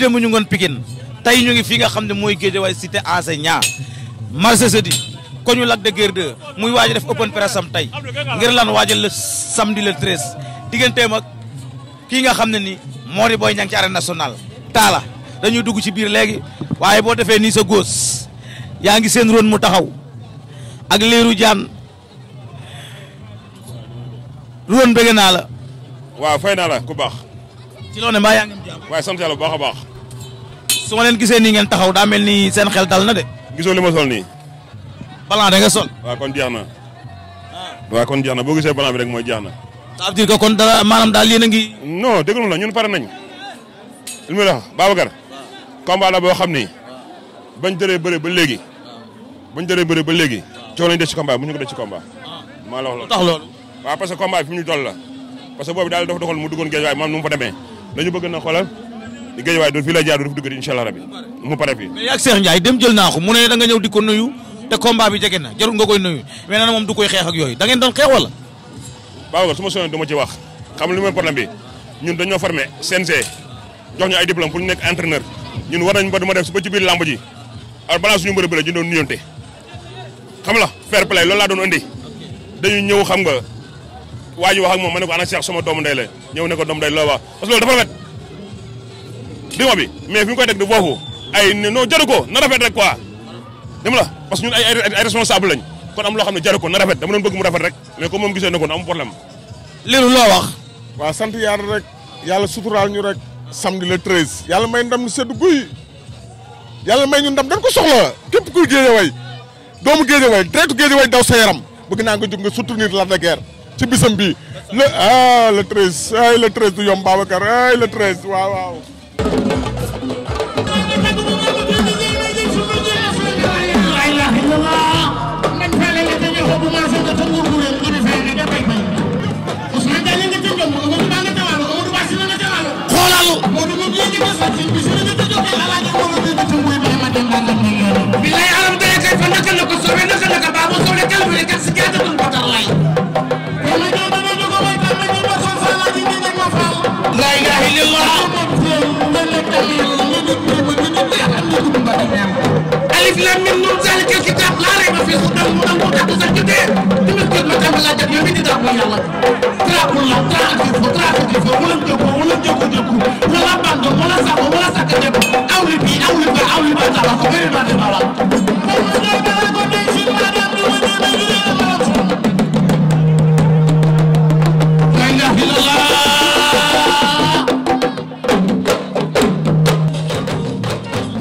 démb ñu ngoon Pikine tey ñu ngi fi nga xam ne mooy Guédiawaye cité enseignant marché jeudi ko ñu Lac de Guiers 2 muy waaj def open press sam tey ngir lan waajal le samedi le 13 digganteem ak kii nga xam ne ni moo di Boy Niang ci arène nationale taala dañuy dugg ci biir léegi waaye boo defee nii sa góos yaa ngi seen ron mu taxaw ak liiru jaan ron bëgg naa la waaw fay naa la ku baax ci loo ne mbaa yaa ngi am jàmm waaye sant yàlla baax su ma leen gisee nii ngeen taxaw daa mel ni seen xel dal na de. gisoo li ma sol nii. balan da nga sol. kon jeex na. waaw kon jeex na boo gisee balan bi rek mooy jeex na. ça veut dire que kon dara daal yéen a ngi. non déglu la ñun pare nañ lu muy wax Babacar. combat la boo xam ni bañ jëree bëre ba léegi. bañ jëree bëre ba léegi. coow lañ des ci combat bu ñu ko des ci combat. maa la wax loolu tax loolu. waaw parce que combat ñu toll la parce que boobu daal dafa doxal mu duggoon géej waaye maam nu mu fa demee bëgg na xoolal di géej waaye doon fii lay jaar doon fi dugg incha allah rabi mu pare fii. mais ak Cheikh Ndiaye dem jël naa ko mu ne da nga ñëw di ko nuyu te combat bi jege na jarul nga koy nuyu mais nee moom du koy xeex ak yooyu da ngeen doon xeex wala. Babacar su ma soobee du ma ci wax xam lu mooy problème bi ñun dañoo formé CNG jox ñu ay diplôme pour ñu nekk entraîneur ñun war nañ ba dama def su ci biir làmb ji alors balaa suñu mbër bi la ñu doon nuyonte xam la fair play loolu laa doon indi dañu ñëw xam nga waa ji wax ak moom ma ne ko ana Cheikh sama doomu ndey la ñëw ne ko doomu ndey loo wax parce loolu dafa rafet dima bi mais fi ñu koy teg du foofu ay non jaru ko na rafet rek quoi dama la que ñun ay ay responsable lañ kon am loo xam ne jaru ko na rafet dama doon bëgg mu rafet rek mais comme moom gisee na ko am problème. liiru loo wax. waaw sant yàlla rek yàlla suturaal ñu rek samedi le 13. yàlla may ndam lu sedd guy yàlla may ñu ndam dañ ko soxla képp kuy géejeway doomu géejeway deretu géejeway daw sa yaram bëgg naa nga jóg nga soutenir la de guerre ci bisam bi le ah le 13 ay le 13 du yom Babacar Thank you. ko yàlla trappul la trappul ko trappul ko wala jëkko wala jëkko jëkko wala bando wala sako wala saka jëkko awli bi awli ba awli ba tabax ko bari ma de bala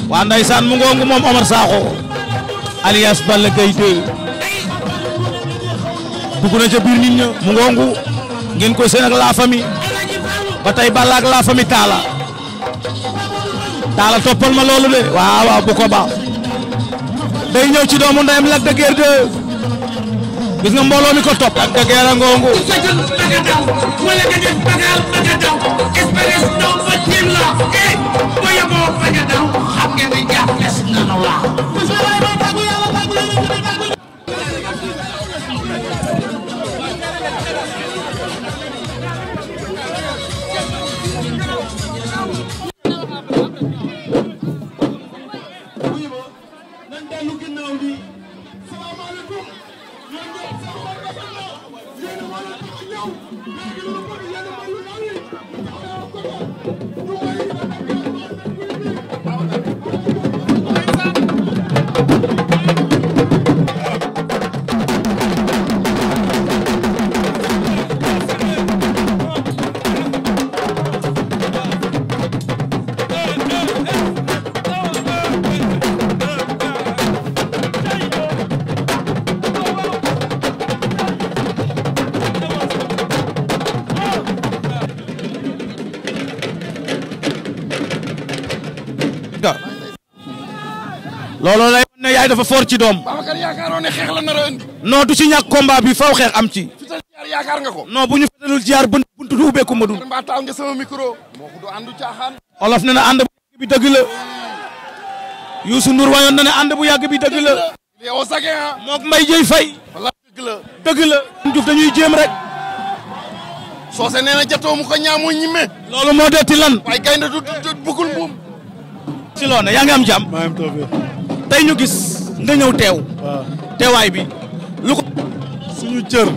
waa ndeysaan mu ngoongu moom Omar Sakho alias Balla Gaye 2 dugg na ca biir nit ña mu ngeen koy seen ak la famille ba tey Balla ak la ma loolu de waaw waaw bu day ñëw ci doomu ndeyam Lac de Guiers 2 nga mbooloo ko topp ak da geera ngongu wala looloo lay wan ne yaay dafa fort ci doom. Babacar yaakaaroon ne xeex a indi. non du ci ñàkk combat bi faaw xeex am ci. fital yaakaar nga ko. non bu ñu fitalul jaar bunt buntu du ubbeeku ma dul. nga sama micro. moo ko du àndu caaxaan. olof ne na ànd bu yàgg bi dëgg la. Youssou Ndour wayoon ne ànd bu yàgg bi dëgg la. moo sage ah. moog Mbaye Dieye dëgg la dëgg la. Diouf dañuy jéem rek. soose nee na jatoo mu ko ñaamoo ñimme. loolu moo detti lan. waaye gaynde du bukkul buum. ci loone yaa ngi am jàmm. maa ngi tey ñu gis nga ñëw teew. waaw teewaay bi lu ko. suñu cër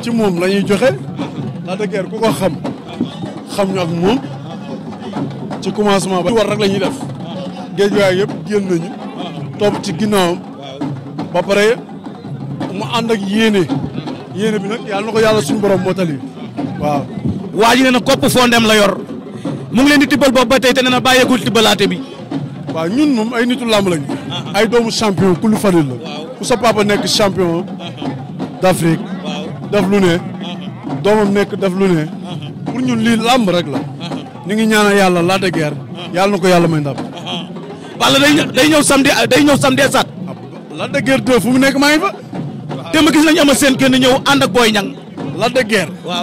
ci moom la ñuy joxe Lac de Guiers ku ko xam xam ñu ak moom ci commencement ba. war rek lañuy ñuy def géej waay yëpp génn nañu topp ci ginnaawam ba pare mu ànd ak yéene yéene bi nag yàlla na ko yàlla suñu borom mottali waaw. waa ji nee na kopp fondem la yor mu ngi leen di tibbal boobu ba tey te nee na bàyyeekul tibbalaate bi. waa ñun moom ay nitu làmb lañu. ay doomu champion ku lu fanil la sa papa nekk champion d' Afrique lu ne uh-huh. doomam nekk def lu ne uh-huh. pour ñun lii lamb rek la uh-huh. ñu ngi ñaanal yàlla laata guerre yàlla na ko yàlla may ndam. wala day ñëw day ñëw samedi day ñëw samedi esaat. Ah, Lac de Guiers 2 fu mu nekk maa ngi fa. démb gis nañu ama seen kenn ñëw ànd ak Boy Niang. Lac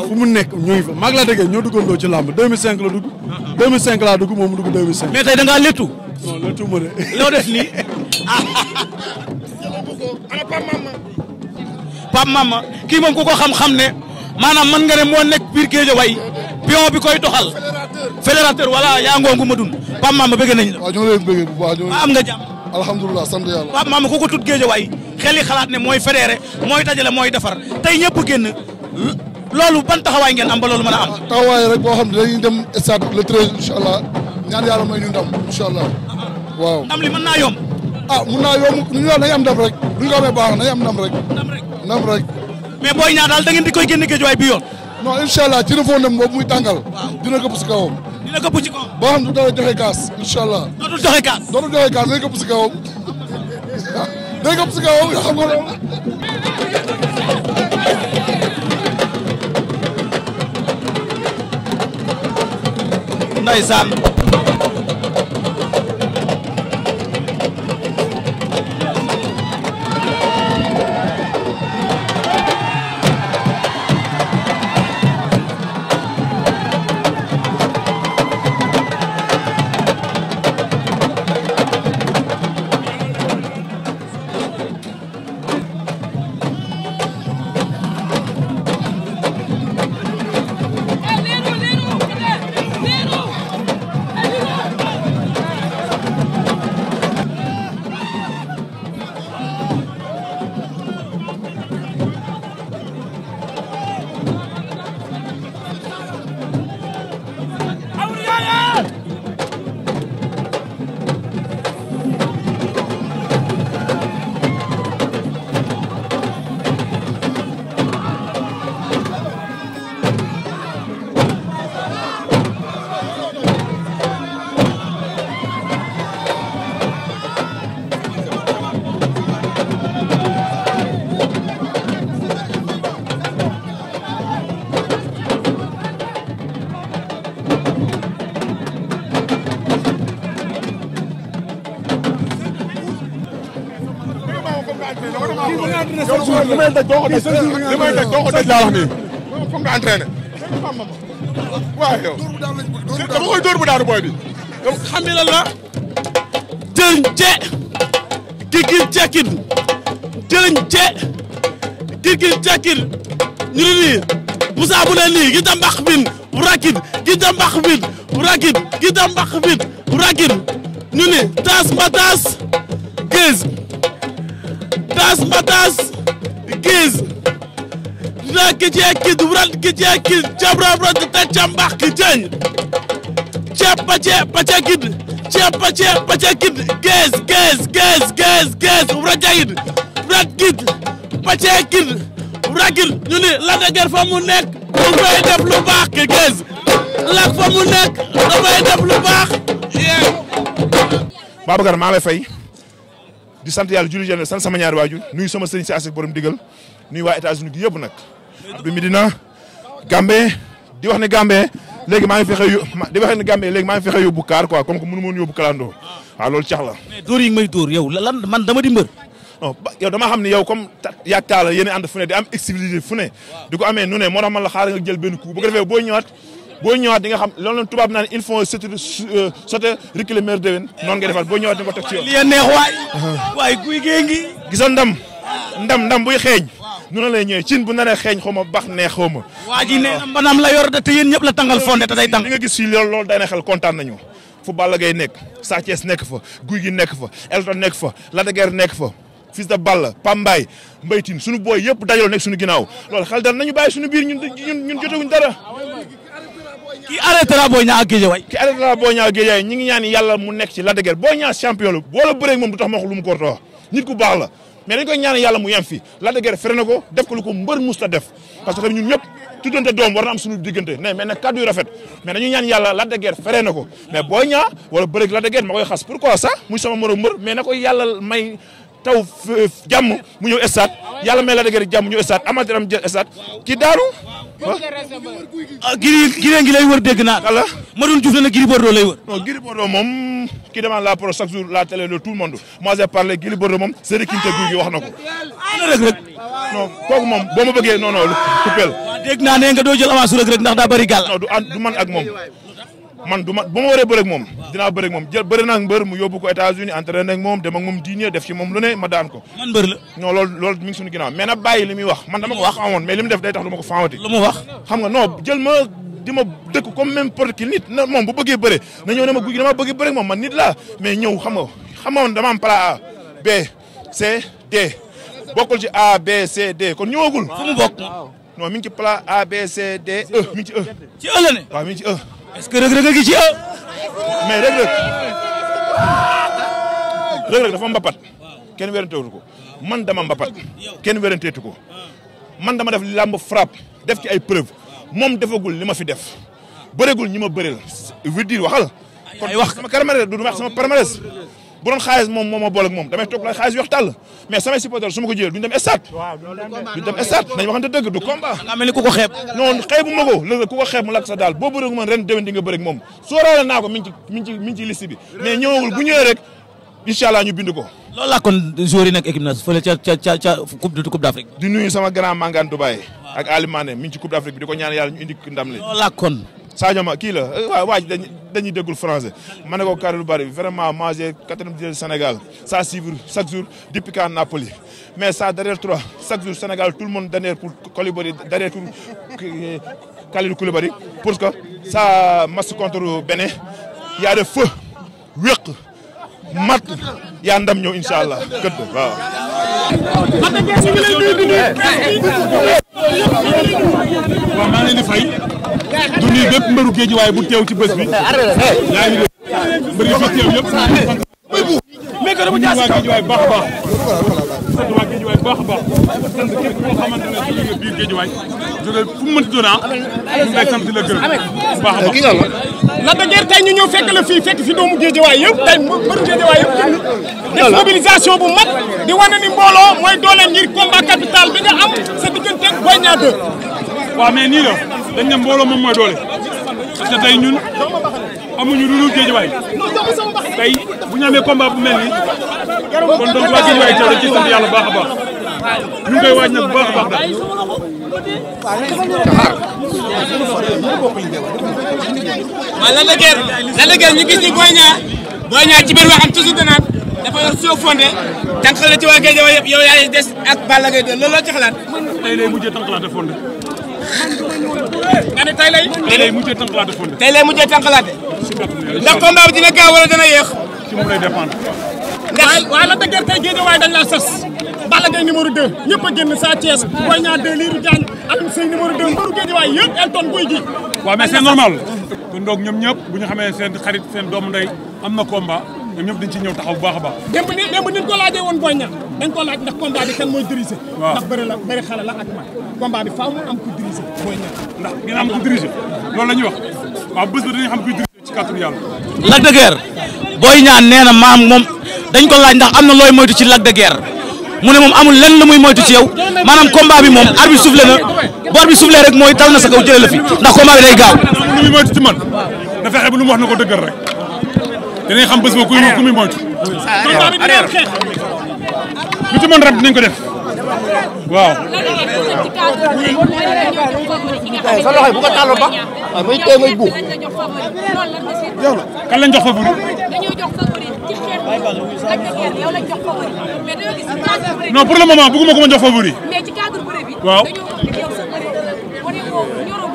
fu mu nekk ñu ngi fa maag Lac de Guiers ñoo duggandoo ci làmb 2005 la dugg. 2005 laa dugg moom mu dugg 2005. mais tey da ngaa léttu. non léttu ma de. loo def nii. jëlandu ko ana Pape kii moom ku ko xam-xam ne maanaam man nga ne moo nekk biir géej way pion bi koy doxal. fédérateur voilà yaa ngoogu ma dun Pape Mama bëgg nañ la. waaw ñoo leen bëggee bu baax ñoo am nga jàmm. alhamdulilah sant yàlla. Pape Mama ku ko tudd géej way xel xalaat ne mooy fédéré mooy dajale mooy defar tey ñëpp génn. loolu ban taxawaay ngeen am ba loolu mën a am. taxawaay rek boo xam ne dañuy dem stade le treize incha ñaan yàlla may ñu ndam incha ah, ah. waaw. mën naa yomb. ah mun naa yomb ñu ñëw nañ am ndam rek bu ñu ko amee baax nañ am ndam rek. ndam rek mais Boy Niang daal da ngeen di koy génne géej waay bi yoon. non incha allah ci référendum boobu muy tàngal. dina këpp si kawam. dina këpp si kawam. boo xam ne du dara joxe gaas incha allah. dootul joxe gaas. dootul joxe gaas dina këpp si kawam dina këpp si kawam xam nga loolu. ndeysaan. li may daj doo ko daj li may daj doo ko daj laa wax nii foog nga entraîné waaw yow dama koy dóor bu daanu booy bi xam nga lan la dën ce kirkir cekkin dën ce kirkir cekkin ñu ne nii busaa bu ne nii gi da mbax bin rakin gi da mbax bin rakin gi da mbax bin rakin ñu ne taas ma taas 15 tas matas giz ra kije kid rat kije kid jabra brat ta chambak kijen chepa chepa chekid chepa chepa chekid giz giz giz giz giz rajagid rat kid pachekid ragil ñu ni la dëgër fa mu nekk dafay def lu baax ki giz fa mu nekk dafay def lu baax Babacar maa lay fay di sant yàlla julli jënd sant sama ñaari waajur nuyu sama sëriñ si asik borom digal nuyu waa États-Unis gi yëpp nag. Abdou Medina gambe di wax ne Gambey léegi maa ngi fexe yu di wax ne maa ngi fexe yóbbu kaar quoi comme que mënu ma woon yóbbu kalandoo waaw loolu la. mais may dóor yow lan man dama di mbër. non ba yow damaa xam ne yow comme yaag taala yéen ànd fu ne di am excivilité fu di ko amee nu moo tax man la xaar nga jël benn coup bu ko defee boo ñëwaat boo ñëwaat di nga xam loolu la tubaab naan il faut sauter euh, sauter reculer meilleur déwén noonu nga defal boo ñëwaat di nga ko teg ci yoon. li neex waay. Uh-huh. waay guy gee ngi. gisoon ndam ndam ndam buy xeeñ. nu na lay ñëwee cin bu naree xeeñ xaw ma baax neex xaw ma. waa ji nee na mbanam la yor te yéen ñëpp la tangal fonde ta day tàng. li nga gis fii lool loolu day na xel kontaan nañu. fu Balla Gaye nekk Sa Thiès nekk fo Guy gi nekk fa Elton nekk fa Lac de Guiers nekk fa Fils de Balla Pambaay Mbaytin sunu booy yëpp dajaloo nekk suñu ginnaaw loolu xel ki arrêtera Boy Niang ak Guédiawaye ki arrêtera ñi ngi ñaan mu nekk ci Lac de Guiers Boy Niang champion la boo la moom du tax ma wax lu mu ko wax nit ku baax la mais dañ koy ñaan yàlla mu yem fi Lac de Guiers ko def ko lu ko mbër mus ta def parce que ñun ñëpp tuddante doom war na am suñu diggante ne mais nag kàddu rafet mais dañuy ñaan yàlla Lac de Guiers fere ko mais Boy Niang wala bëreeg Lac de Guiers xas pourquoi ça muy sama morom mbër mais na ko yàlla ah giri giri gi lay wër dégg naa. kala Madoune Diouf ne Gris Bordeaux lay wër. non Gris Bordeaux moom qui demande la parole chaque jour la télé le tout le monde moi j'ai parlé Gris Bordeaux moom Serigne Kinte Guy gi wax na ko. ana rek rek. non kooku moom boo ma bëggee non non coupé la. waaw naa ne nga doo jël avance rek rek ndax daa bari gàll. non du man ak moom. man du ma bu ma waree bëreeg moom dinaa bëreeg moom jël bëri naa mbër mu yóbbu ko États-Unis entraîné moom dem ak moom diine def ci moom lu ne ma daan ko. man mbër la. non loolu loolu mi ngi suñu ginnaaw mais na bàyyi li muy wax man dama ko wax amoon mais li mu def ma ko faawati. lu mu wax xam nga non jël ma di ma dëkk comme même protocole nit ma nit laa mais ñëw xam nga xamoon dama am plan A B C D bokkul ci A B C D kon ñëwagul. fu mu bokk non mi ngi ci plan A B C D E ci E. ci E mi ngi ci E est-ce que rëg-rëg a ngi ci ah. mais rëg-rëg rëg-rëg mbapat kenn weranteetu ko man dama mbapat kenn weranteetu ko man dama def làmb frappe def ci ay preuve moom defagul li ma fi def bëregul ñi ma bëreel. veut dire waxal. kon wax sama palmarès du wax sama palmarès. bu doon xaalis moom moo ma boole moom damay toog la xaalis yox tàll mais samay supporters su ma ko jëlee duñ dem stade duñ dem stade nañ du combat nga mel ni ku ko xeeb mu lakk sa daal boo bëreeg man ren di nga bëreeg moom sóoraale naa ko mi ngi mais ñëwagul bu ñëwee rek incha allah ñu ko coupe de d' di nuyu sama grand mangaan Dubaay ak Ali Mané coupe d' bi di ko ñaan yàlla ñu ndam li Sadio Ma kii la eh, waaw waaj dañuy déggul français ma ne ko kàddu lu bari vraiment manger quatre-vingt-dix Sénégal ça suivre chaque jour depuis qu'à Napoli mais ça derrière trois chaque jour Sénégal tout le monde derrière pour Koulibaly derrière pour Kalidou Koulibaly que ça match contre Bénin y a de mat yaa ndam ñëw incha allah gëdd waaw. du nuyu bépp mbëru géej waaye bu teew ci bés bi. yaa ngi dégg mbër yi fi teew yëpp. mais que dama jaasi kaw géej waay baax a baax. sant waa géej waay baax a baax. sant képp koo xamante ne su jógee biir géej waay. jógee fu mu mënti doon ah. ñu lay sant di la gërëm bu baax a baax. la da ngeen tey ñu ñëw fekk la fii fekk fi doomu géej waay yëpp tey mbëru géej waay yëpp jënd. def mobilisation bu mag di wane ni mbooloo mooy doole ngir combat capital bi nga am sa diggante Boy Niang 2. waaw mais nii la. dañ ne mbooloo moom mooy doole parce que tey ñun amuñu lu dul géejuwaay tey bu ñu amee combat bu mel ni kon donc waa géejuwaay tey dañ ci sant yàlla baax a baax ñu ngi koy waaj nag bu baax a baax daal. waaw lan la gër lan la gër ñu gis ni Boy Niang Boy Niang ci biir waxam dafa yor soo fondé tànqal waa géejuwaay yëpp yow des ak Balla Gaye de loolu la ci xalaat. tey day mujjee tànqalaate fondé. nga ne tey lay. tey lay mujjee tànqalaate fonde. tey lay mujjee tànqalaate. ndax combat bi dina gaaw wala dana yéex. ci moom lay dépendre. ndax waaye la dëgër tey géej waaye dañ laa sas. Balla Gaye numéro 2 ñëpp a génn Sa Thiès Boy Niang 2 Lirou Diane Alioune Seye numéro 2 mbaru géej waaye yëpp Elton Gueye gi. waaw mais normal. kon donc ñoom ñëpp bu ñu xamee seen xarit seen doom ndey am na combat. ñoom ñëpp dañ ci ñëw taxaw bu baax a baax démb ni démb nit ko laajee woon Boy la bëri xale la ak mag am ku diriger Boy loolu la ñuy wax waaw bés bi dañuy xam kuy diriger ci kàttanu yàlla Lac de Guiers Boy Niang nee na maam moom dañ ko laaj ndax am na looy moytu ci Lac de Guiers mu ne moom amul lenn lu muy moytu ci yow maanaam combat bi moom arbitre soufflé na boor bi soufflé rek mooy dal na sa kaw jëlee ndax combat day gaaw lu muy moytu ci man na fexe bu lu mu na ko dëggal rek dinañ xam bés ba ku muy ku muy moytu. lu ci mën rab dinañ ko def waaw. sa loxo bu la jox favori. non ko ma jox favori. waaw.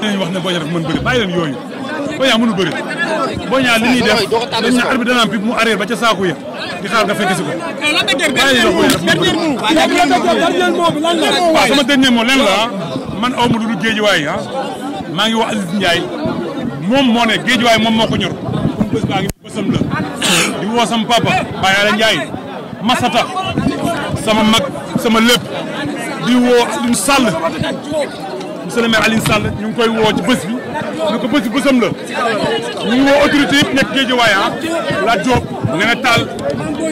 dinañ wax ne boo ñu def mën bëri bàyyi leen yooyu boo yaa mënu bëri. boo ñaa li ñuy def dañ ne arbitre dana am pip mu arrière ba ca saako ya di xaar nga si ko. waaw sama dernier mot lenn la man aw ma dul géejuwaay ah maa ngi wax Aziz Ndiaye moom moo ne géejuwaay moom moo ko ñor bés di woo sama papa Baye Ala Ndiaye Masata sama mag sama lépp di woo Alioune Sall monsieur le maire Alioune Sall koy woo ci ñu ko bés bésam la ñu ngi woo autorité yëpp nekk Guédiawaye ah Lat Diop Néné Tall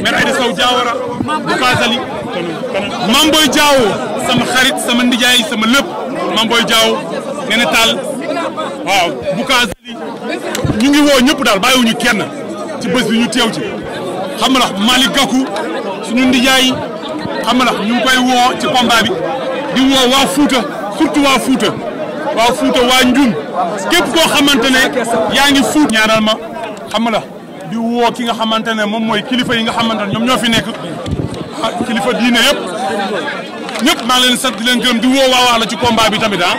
maire Aïda Sow Diawara bu Kasali Mame Boye sama xarit sama ndijaay sama lépp Mame Boye Diaw Néné Tall waaw bu Kasali ñu ngi woo ñëpp daal bàyyiwuñu kenn ci bés bi ñu teew ci xam nga Malick Gakou suñu ndijaay xam nga ñu ngi koy woo ci combat di woo waa Fouta surtout waa Fouta waa Fuuta waa Njum képp koo xamante ne yaa ngi fuut ñaanal ma xam la di woo ki nga xamante ne moom mooy kilifa yi nga xamante ne ñoom ñoo fi nekk ah, kilifa diine yëpp ñëpp maa ngi leen sant di leen gërëm di woo waa Waalo ci combat bi tamit a ah.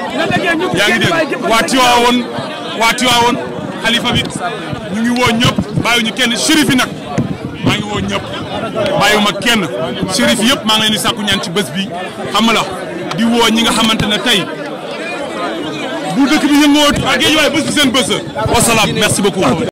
yaa ngi dégg waa Tiwaawoon waa Tiwaawoon xalifa bi ñu ngi woo ñëpp ñu kenn shérif yi nag maa ngi woo ñëpp bàyyiwuma kenn shérif yëpp maa ngi leen di sàkku ñaan ci bés bi xam di woo ñi nga xamante ne tey bu dëkk bi yëngoo ak yéen waay bés bi seen bés. wasalaam merci beaucoup.